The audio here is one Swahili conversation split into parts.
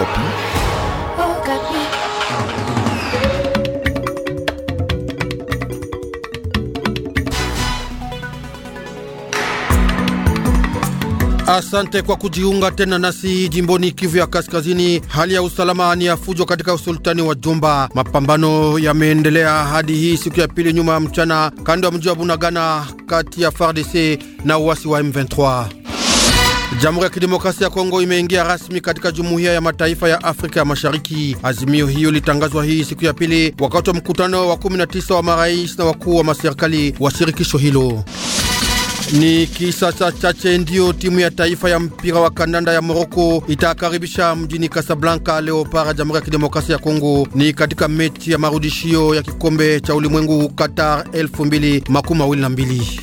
Okapi. Okapi. Asante kwa kujiunga tena nasi. Jimboni Kivu ya Kaskazini, hali ya usalama ni ya fujo katika usultani wa Jomba. Mapambano yameendelea hadi hii siku ya pili nyuma ya mchana, kando ya mji wa Bunagana, kati ya FARDC na uasi wa M23. Jamhuri ya Kidemokrasia ya Kongo imeingia rasmi katika Jumuiya ya Mataifa ya Afrika ya Mashariki. Azimio hiyo litangazwa hii siku ya pili wakati wa mkutano wa 19 wa marais na wakuu wa maserikali wa shirikisho hilo. Ni kisa cha chache ndiyo timu ya taifa ya mpira wa kandanda ya Moroko itakaribisha mjini Casablanca leo para Jamhuri ya Kidemokrasia ya Kongo, ni katika mechi ya marudishio ya kikombe cha ulimwengu Qatar 2022.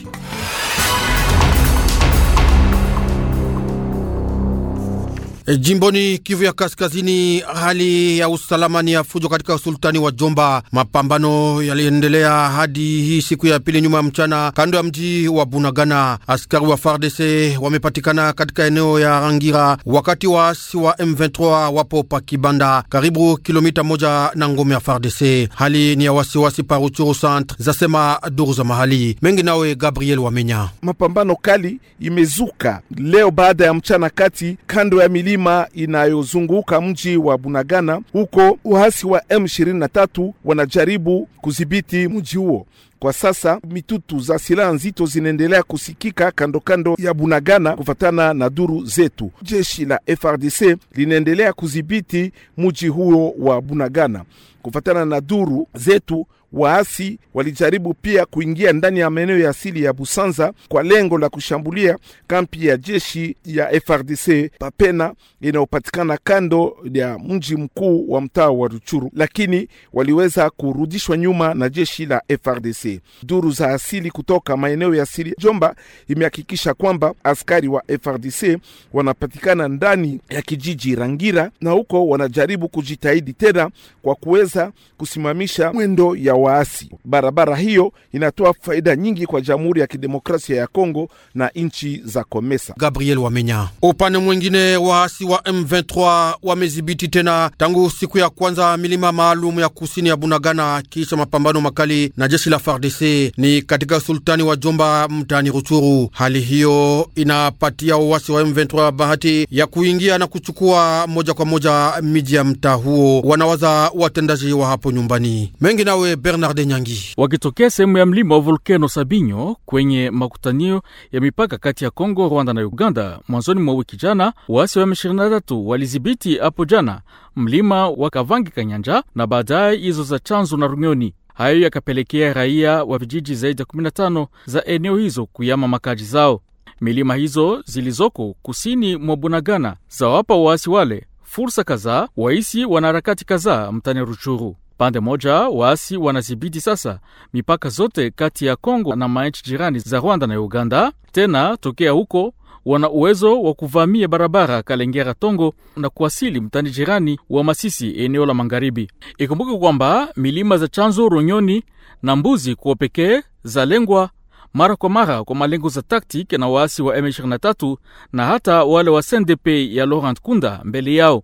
E, jimboni Kivu ya Kaskazini, hali ya usalama ni ya fujo katika usultani wa Jomba. Mapambano yaliendelea hadi hii siku ya pili nyuma ya mchana, kando ya mji wa Bunagana. Askari wa FARDC wamepatikana katika eneo ya Rangira, wakati waasi wa M23 wapo pa Kibanda, karibu kilomita moja na ngome ya FARDC. Hali ni ya wasiwasi pa Ruchuru centre, zasema duru za mahali mengi. Nawe Gabriel Wamenya, mapambano kali imezuka leo baada ya mchana kati kando ya milima milima inayozunguka mji wa Bunagana. Huko uhasi wa M23 wanajaribu kudhibiti mji huo. Kwa sasa mitutu za silaha nzito zinaendelea kusikika kando kando ya Bunagana. Kufatana na duru zetu, jeshi la FRDC linaendelea kudhibiti mji huo wa Bunagana. Kufuatana na duru zetu, waasi walijaribu pia kuingia ndani ya maeneo ya asili ya Busanza kwa lengo la kushambulia kampi ya jeshi ya FRDC Papena inayopatikana kando ya mji mkuu wa mtaa wa Ruchuru, lakini waliweza kurudishwa nyuma na jeshi la FRDC. Duru za asili kutoka maeneo ya asili Jomba imehakikisha kwamba askari wa FRDC wanapatikana ndani ya kijiji Rangira na huko wanajaribu kujitahidi tena kwa kuweza kuweza kusimamisha mwendo ya waasi. Barabara hiyo inatoa faida nyingi kwa Jamhuri ya Kidemokrasia ya Kongo na nchi za Komesa. Gabriel Wamenya. Upande mwingine, waasi wa M23 wamedhibiti tena tangu siku ya kwanza milima maalum ya kusini ya Bunagana kisha mapambano makali na jeshi la FARDC ni katika sultani wa Jomba mtaani Ruchuru. Hali hiyo inapatia waasi wa M23 bahati ya kuingia na kuchukua moja kwa moja miji ya mtaa huo, wanawaza watendaji wa hapo nyumbani mengi. Nawe Bernard Nyangi wakitokea sehemu ya mlima wa volkano Sabinyo kwenye makutanio ya mipaka kati ya Kongo, Rwanda na Uganda. Mwanzoni mwa wiki jana, waasi wa M23 walidhibiti hapo jana mlima wa Kavangi Kanyanja na baadaye hizo za Chanzu na Runyoni. Hayo yakapelekea raia wa vijiji zaidi ya 15 za eneo hizo kuyama makaji zao. Milima hizo zilizoko kusini mwa Bunagana zawapa waasi wale fursa kadhaa, waisi wanaharakati kadhaa mtani Ruchuru. Pande moja waasi wanazibidi sasa mipaka zote kati ya Kongo na manchi jirani za Rwanda na Uganda. Tena tokea huko wana uwezo wa kuvamia barabara Kalengera Tongo na kuwasili mtani jirani wa Masisi, eneo la magharibi. Ikumbuke kwamba milima za Chanzo, Ronyoni na Mbuzi kwa pekee zalengwa mara kwa mara kwa malengo za taktiki na waasi wa M23 na hata wale wa SNDP ya Laurent Kunda mbele yao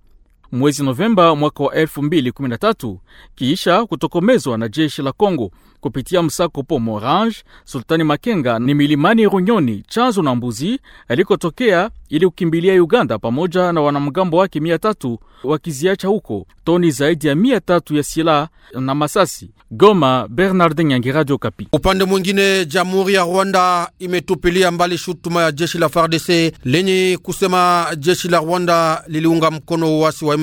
mwezi Novemba mwaka wa 2013 kiisha kutokomezwa na jeshi la congo kupitia msako po Morange. Sultani Makenga ni milimani Runyoni, Chanzo na Mbuzi alikotokea ili kukimbilia Uganda pamoja na wanamgambo wake mia tatu wakiziacha huko toni zaidi ya mia tatu ya silaha na masasi. Goma, Bernard Nyangi, Radio Kapi. Upande mwingine, jamhuri ya Rwanda imetupilia mbali shutuma ya jeshi la FARDC lenye kusema jeshi la Rwanda liliunga mkono uasi wa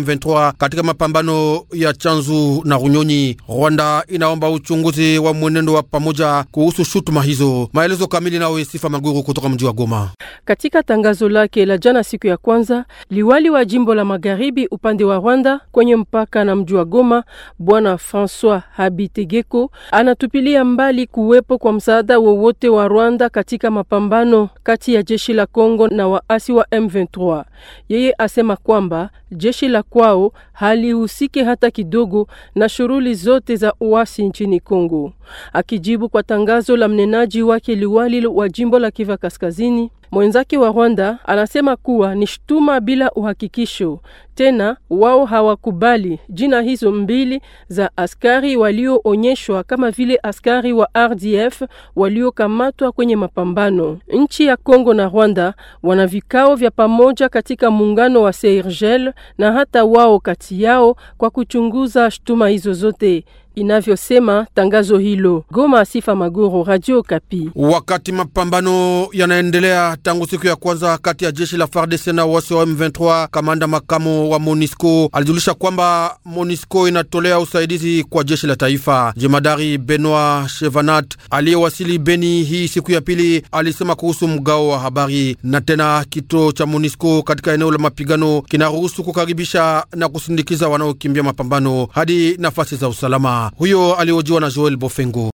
katika mapambano ya Chanzu na Runyonyi. Rwanda inaomba uchunguzi wa mwenendo wa pamoja kuhusu shutuma hizo. Maelezo kamili nawe Sifa Maguru kutoka mji wa Goma. Katika tangazo lake la jana siku ya kwanza, liwali wa jimbo la magharibi upande wa Rwanda kwenye mpaka na mji wa Goma, Bwana Francois Habitegeko anatupilia mbali kuwepo kwa msaada wowote wa Rwanda katika mapambano kati ya jeshi la Kongo na waasi wa M23. Yeye asema kwamba jeshi la kwao halihusiki hata kidogo na shughuli zote za uasi nchini Kongo. Akijibu kwa tangazo la mnenaji wake liwali wa jimbo la Kiva Kaskazini, Mwenzake wa Rwanda anasema kuwa ni shtuma bila uhakikisho. Tena wao hawakubali jina hizo mbili za askari walioonyeshwa kama vile askari wa RDF waliokamatwa kwenye mapambano. Nchi ya Kongo na Rwanda wana vikao vya pamoja katika muungano wa Seirgel na hata wao kati yao kwa kuchunguza shtuma hizo zote inavyosema tangazo hilo. Goma, Sifa Magoro, Radio Kapi. Wakati mapambano yanaendelea tangu siku ya kwanza kati ya jeshi la FARDC na wasi wa M23, kamanda makamo wa monisco alijulisha kwamba monisco inatolea usaidizi kwa jeshi la taifa. Jemadari Benoit Chevanat aliyewasili Beni hii siku ya pili alisema kuhusu mgao wa habari na tena kituo cha monisco katika eneo la mapigano kinaruhusu kukaribisha na kusindikiza wanaokimbia mapambano hadi nafasi za usalama. Huyo aliojiwa na Joel Bofengo.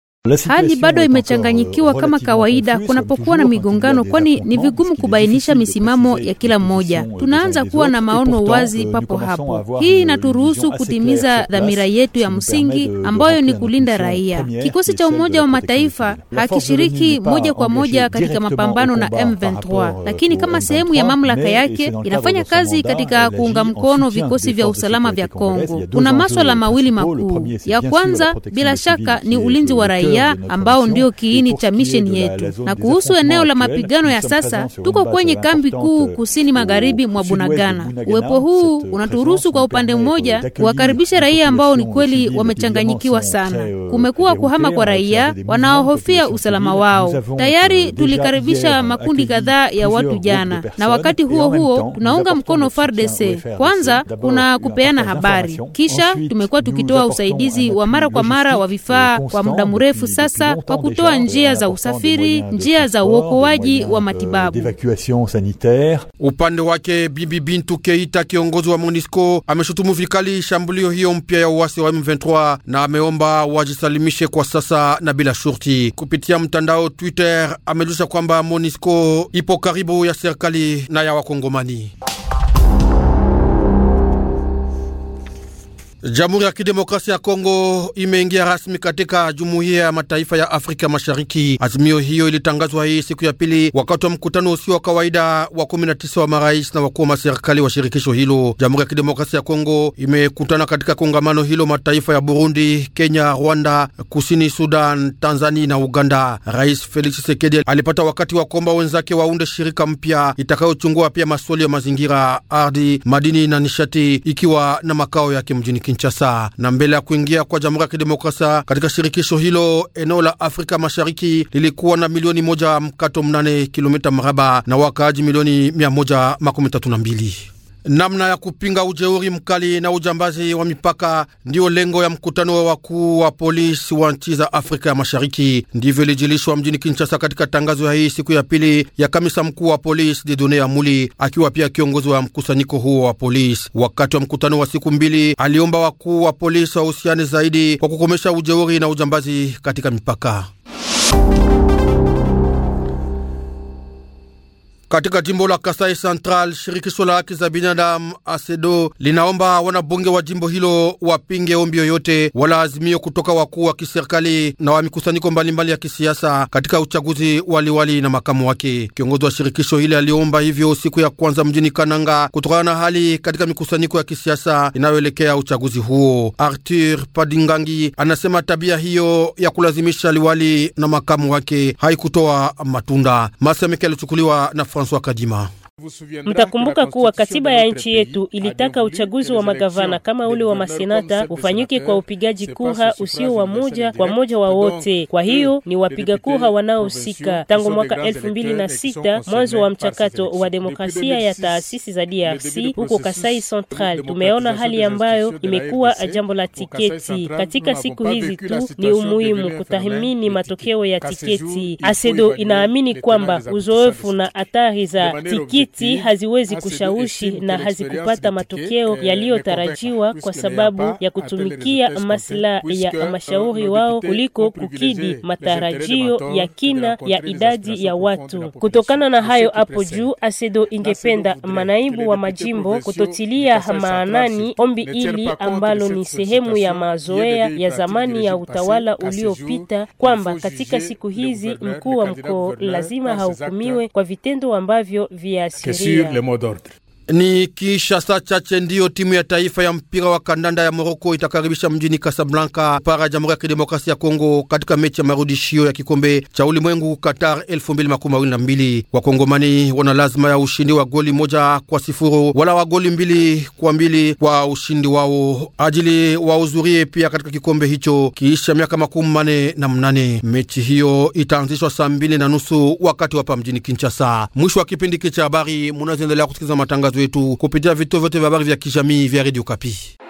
Hali bado imechanganyikiwa kama kawaida kunapokuwa na migongano, kwani ni vigumu kubainisha misimamo ya kila mmoja. Tunaanza kuwa na maono wazi papo hapo. Hii inaturuhusu kutimiza dhamira yetu ya msingi ambayo ni kulinda raia. Kikosi cha Umoja wa Mataifa hakishiriki moja kwa moja katika mapambano na M23, euh, lakini kama sehemu ya mamlaka yake inafanya kazi katika euh, kuunga mkono vikosi vya usalama vya Kongo. Kuna maswala mawili makuu. Ya kwanza bila shaka ni ulinzi wa raia raia ambao ndio kiini cha misheni yetu. Na kuhusu eneo la mapigano ya sasa, tuko kwenye kambi kuu kusini magharibi mwa Bunagana. Uwepo huu unaturuhusu kwa upande mmoja kuwakaribisha raia ambao ni kweli wamechanganyikiwa sana. Euh, Kumekuwa kuhama kwa raia wanaohofia usalama wao. Tayari tulikaribisha makundi kadhaa ya watu jana, na wakati huo huo tunaunga mkono FARDC. Kwanza kuna kupeana habari, kisha tumekuwa tukitoa usaidizi wa mara kwa mara wa vifaa kwa muda mrefu mrefu sasa kwa kutoa euh, njia za usafiri, njia za uokoaji wa matibabu. Upande wake, Bibi Bintu Keita, kiongozi wa MONUSCO, ameshutumu vikali shambulio hiyo mpya ya uasi wa M23 na ameomba wajisalimishe kwa sasa na bila shurti. Kupitia mtandao Twitter, amejulisha kwamba MONUSCO ipo karibu ya serikali na ya Wakongomani. Jamhuri ya Kidemokrasia ya Kongo imeingia rasmi katika Jumuiya ya Mataifa ya Afrika Mashariki. Azimio hiyo ilitangazwa hii siku ya pili wakati wa mkutano usio wa kawaida wa 19 wa marais na wakuu wa maserikali wa shirikisho hilo. Jamhuri ya Kidemokrasia ya Kongo imekutana katika kongamano hilo mataifa ya Burundi, Kenya, Rwanda, Kusini Sudan, Tanzania na Uganda. Rais Felix Tshisekedi alipata wakati wa kuomba wenzake waunde shirika mpya itakayochungua pia maswali ya mazingira, ardhi, madini na nishati, ikiwa na makao yake mjini Kinshasa. Na mbele ya kuingia kwa Jamhuri ya Kidemokrasia katika shirikisho hilo, eneo la Afrika Mashariki lilikuwa na milioni moja mkato mnane kilomita maraba na wakaaji milioni mia moja makumi tatu na mbili. Namna ya kupinga ujeuri mkali na ujambazi wa mipaka ndiyo lengo ya mkutano wa wakuu wa polisi wa nchi za Afrika ya Mashariki. Ndivyo ilijilishwa mjini Kinshasa katika tangazo ya hii siku ya pili ya kamisa mkuu wa polisi Didone ya Muli, akiwa pia kiongozi wa mkusanyiko huo wa polisi. Wakati wa mkutano wa siku mbili, aliomba wakuu wa polisi wahusiane zaidi kwa kukomesha ujeuri na ujambazi katika mipaka. Katika jimbo la Kasai Central, shirikisho la haki za binadamu ASEDO linaomba wanabunge wa jimbo hilo wapinge ombi yoyote wala azimio kutoka wakuu wa kiserikali na wa mikusanyiko mbalimbali ya kisiasa katika uchaguzi waliwali na makamu wake. Kiongozi wa shirikisho hili aliomba hivyo siku ya kwanza mjini Kananga kutokana na hali katika mikusanyiko ya kisiasa inayoelekea uchaguzi huo. Arthur Padingangi anasema tabia hiyo ya kulazimisha liwali na makamu wake haikutoa matunda. Masemeke alichukuliwa na François Kadima. Mtakumbuka kuwa katiba ya nchi yetu ilitaka uchaguzi wa magavana kama ule wa masenata ufanyike kwa upigaji kura usio wa moja kwa moja wa wote. Kwa hiyo ni wapiga kura wanaohusika. Tangu mwaka elfu mbili na sita, mwanzo wa mchakato wa demokrasia ya taasisi za DRC huko Kasai Central, tumeona hali ambayo imekuwa jambo la tiketi. Katika siku hizi tu ni umuhimu kutathmini matokeo ya tiketi. ASEDO inaamini kwamba uzoefu na hatari za tiketi magazeti haziwezi kushawishi na hazikupata matokeo yaliyotarajiwa kwa sababu ya kutumikia maslaha ya uh, mashauri wao kuliko kukidhi matarajio ya kina ya idadi ya watu. Kutokana na hayo hapo juu, ASEDO ingependa manaibu wa majimbo kutotilia maanani ombi hili ambalo ni sehemu ya mazoea ya zamani ya utawala uliopita, kwamba katika siku hizi mkuu wa mkoo lazima hahukumiwe kwa vitendo ambavyo vya que sur le mot d'ordre. Ni kisha saa chache ndiyo timu ya taifa ya mpira wa kandanda ya Moroko itakaribisha mjini Kasablanka para Jamhuri ya Kidemokrasia ya Kongo katika mechi ya marudishio ya kikombe cha ulimwengu Qatar 2022. Wakongomani wana lazima ya ushindi wa goli moja kwa sifuru wala wa goli mbili kwa mbili kwa ushindi wao ajili wahudhurie pia katika kikombe hicho kiisha miaka makumi manne na mnane. Mechi hiyo itaanzishwa saa mbili na nusu wakati wapa mjini Kinshasa. Mwisho wa kipindi hiki cha habari, munaziendelea kusikiliza matangazo wetu kupitia vituo vyote vya habari vya kijamii vya Radio Kapi.